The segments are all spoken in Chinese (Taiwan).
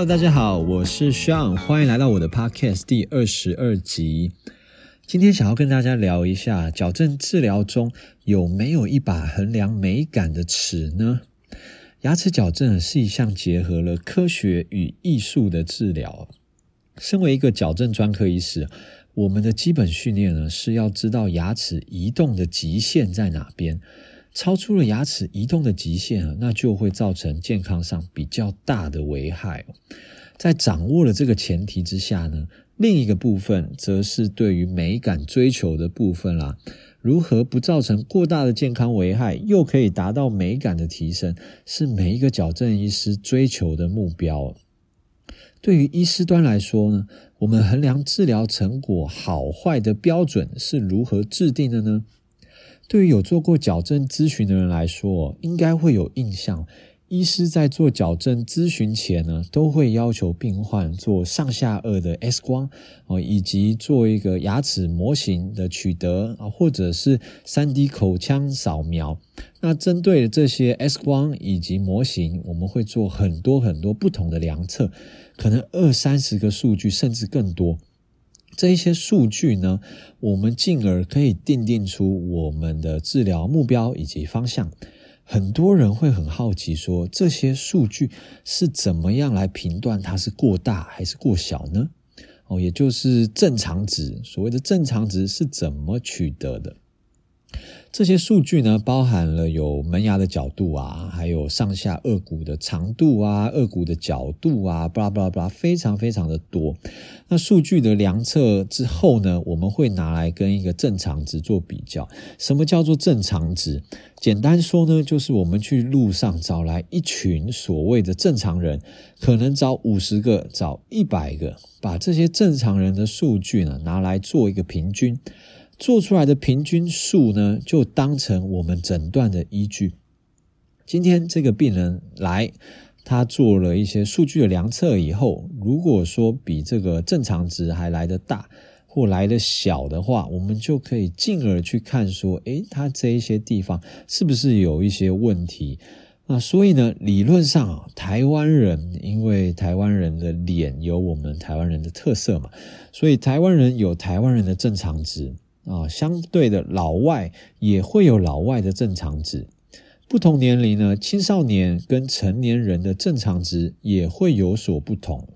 Hello，大家好，我是 Sean，歡迎來到我的 Podcast 第二十二集。今天想要跟大家聊一下矯正治療中有沒有一把衡量美感的尺呢？牙齒矯正是一項結合了科學與藝術的治療。身為一個矯正專科醫師，我們的基本訓練呢是要知道牙齒移動的極限在哪邊。超出了牙齒移動的極限啊，那就會造成健康上比較大的危害。在掌握了這個前提之下呢，另一個部分則是對於美感追求的部分啦，如何不造成過大的健康危害，又可以達到美感的提升，是每一個矯正醫師追求的目標。對於醫師端來說呢，我們衡量治療成果好壞的標準是如何制定的呢？對於有做過矯正諮詢的人來說，應該會有印象。醫師在做矯正諮詢前呢，都會要求病患做上下顎的 X 光，哦，以及做一個牙齒模型的取得啊，或者是三 D 口腔掃描。那針對這些 X 光以及模型，我們會做很多很多不同的量測，可能二三十個數據，甚至更多。這些數據呢，我們進而可以奠定出我們的治療目標以及方向。很多人會很好奇說，這些數據是怎麼樣來評斷它是過大還是過小呢？哦，也就是正常值，所謂的正常值是怎麼取得的？這些數據呢，包含了有門牙的角度啊，還有上下顎骨的長度啊，顎骨的角度啊，巴拉巴拉巴拉，非常非常的多。那數據的量測之後呢，我們會拿來跟一個正常值做比較。什麼叫做正常值？簡單說呢，就是我們去路上找來一群所謂的正常人，可能找五十個、找一百個，把這些正常人的數據呢，拿來做一個平均。做出來的平均數呢，就當成我們診斷的依據。今天這個病人來，他做了一些數據的量測以後，如果說比這個正常值還來得大，或來得小的話，我們就可以進而去看說，誒，他這一些地方是不是有一些問題？那所以呢，理論上啊，台灣人因為台灣人的臉有我們台灣人的特色嘛，所以台灣人有台灣人的正常值。啊、哦，相對的老外也會有老外的正常值，不同年齡呢，青少年跟成年人的正常值也會有所不同。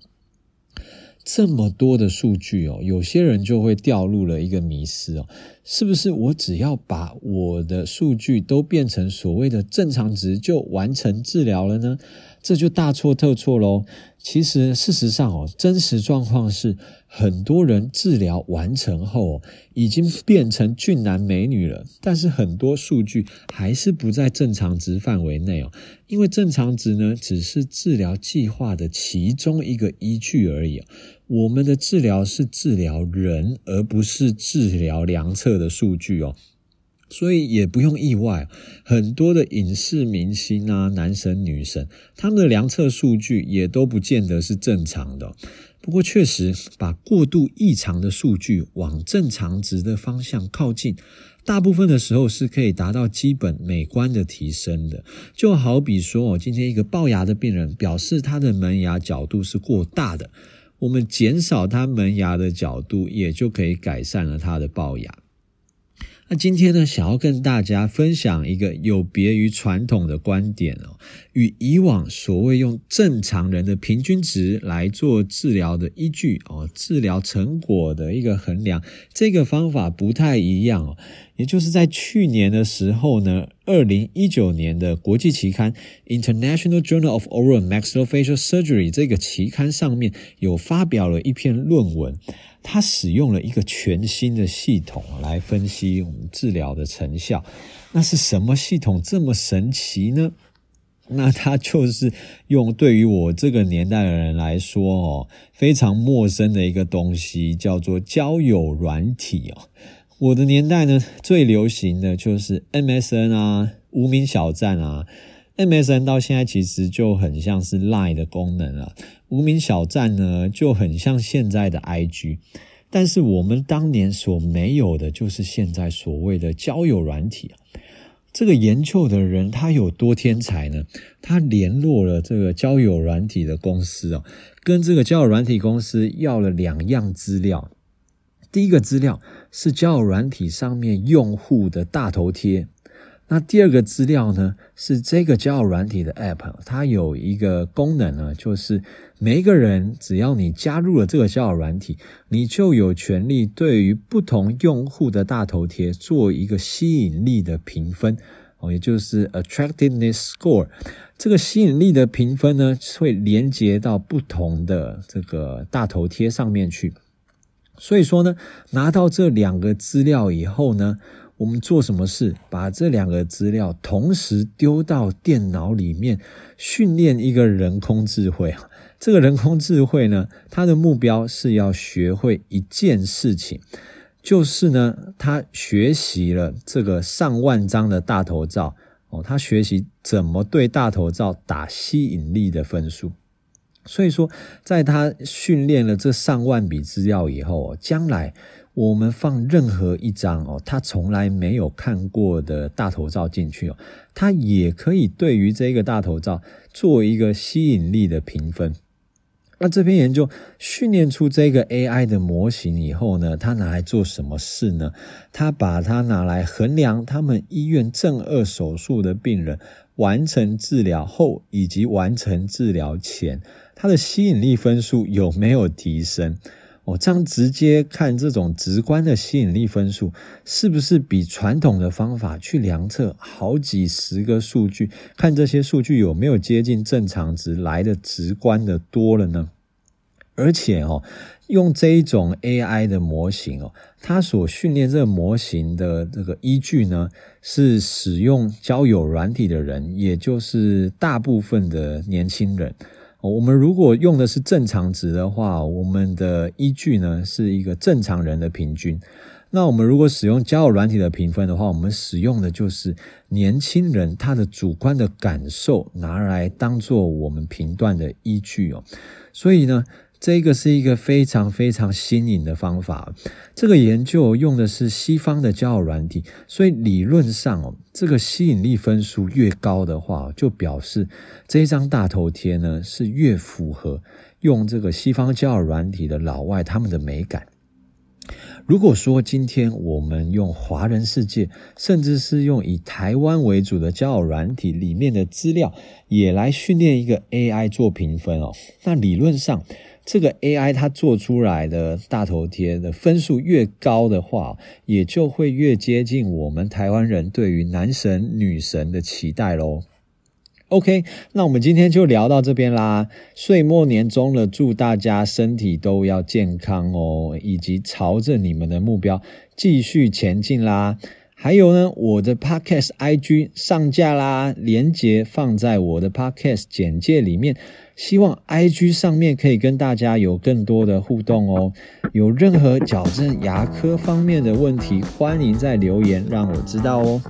這麼多的數據哦，有些人就會掉入了一個迷思哦，是不是我只要把我的數據都變成所謂的正常值，就完成治療了呢？這就大錯特錯嘍！其實事實上哦，真實狀況是，很多人治療完成後，已經變成俊男美女了，但是很多數據還是不在正常值範圍內哦。因為正常值呢，只是治療計劃的其中一個依據而已。我們的治療是治療人，而不是治療量測的數據哦。所以也不用意外，很多的影視明星啊，男神女神，他們的量測數據也都不見得是正常的。不過確實，把過度異常的數據往正常值的方向靠近，大部分的時候是可以達到基本美觀的提升的。就好比說，今天一個齙牙的病人表示他的門牙角度是過大的，我們減少他門牙的角度，也就可以改善了他的齙牙。那今天呢，想要跟大家分享一個有別於傳統的觀點哦，與以往所謂用正常人的平均值來做治療的依據哦，治療成果的一個衡量，這個方法不太一樣哦。也就是在去年的時候呢，二零一九年的國際期刊《International Journal of Oral Maxillofacial Surgery》這個期刊上面有發表了一篇論文，它使用了一個全新的系統來分析我們治療的成效。那是什麼系統這麼神奇呢？那它就是用對於我這個年代的人來說哦，非常陌生的一個東西，叫做交友軟體哦。我的年代呢，最流行的就是 MSN 啊，無名小站啊。MSN 到現在其實就很像是 Line 的功能了啊，無名小站呢就很像現在的 IG。但是我們當年所沒有的，就是現在所謂的交友軟體啊。這個研究的人他有多天才呢？他聯絡了這個交友軟體的公司哦啊，跟這個交友軟體公司要了兩樣資料。第一個資料是交友軟體上面用戶的大頭貼，那第二個資料呢，是這個交友軟體的 App，它有一個功能呢，就是每一個人只要你加入了這個交友軟體，你就有權利對於不同用戶的大頭貼做一個吸引力的評分哦，也就是 attractiveness score。這個吸引力的評分呢，會連接到不同的這個大頭貼上面去。所以說呢，拿到這兩個資料以後呢，我們做什麼事？把這兩個資料同時丟到電腦裡面，訓練一個人工智慧。這個人工智慧呢，它的目標是要學會一件事情，就是呢，它學習了這個上萬張的大頭照哦，它學習怎麼對大頭照打吸引力的分數。所以說，在他訓練了這上萬筆資料以後，將來我們放任何一張哦，他從來沒有看過的大頭照進去哦，他也可以對於這個大頭照做一個吸引力的評分。那這篇研究訓練出這個 AI 的模型以後呢，他拿來做什麼事呢？他把它拿來衡量他們醫院正二手術的病人完成治療後以及完成治療前。它的吸引力分數有沒有提升？哦，這樣直接看這種直觀的吸引力分數，是不是比傳統的方法去量測好幾十個數據，看這些數據有沒有接近正常值來得直觀的多了呢？而且哦，用這一種 AI 的模型哦，它所訓練這個模型的這個依據呢，是使用交友軟體的人，也就是大部分的年輕人。我們如果用的是正常值的話，我們的依據呢，是一個正常人的平均。那我們如果使用交友軟體的評分的話，我們使用的就是年輕人他的主觀的感受，拿來當做我們評斷的依據哦。所以呢。這個是一個非常非常新穎的方法。這個研究用的是西方的交友軟體，所以理論上哦，這個吸引力分數越高的話，就表示這張大頭貼呢是越符合用這個西方交友軟體的老外他們的美感。如果說今天我們用華人世界，甚至是用以台灣為主的交友軟體裡面的資料，也來訓練一個 AI 做評分哦，那理論上這個 AI 它做出來的大頭貼的分數越高的話，也就會越接近我們台灣人對於男神女神的期待嘍。OK，那我們今天就聊到這邊啦。歲末年終了，祝大家身體都要健康哦，以及朝着你們的目標繼續前進啦。還有呢，我的 Podcast IG 上架啦，鏈接放在我的 Podcast 簡介裡面。希望 IG 上面可以跟大家有更多的互動哦。有任何矯正牙科方面的問題，歡迎在留言讓我知道哦。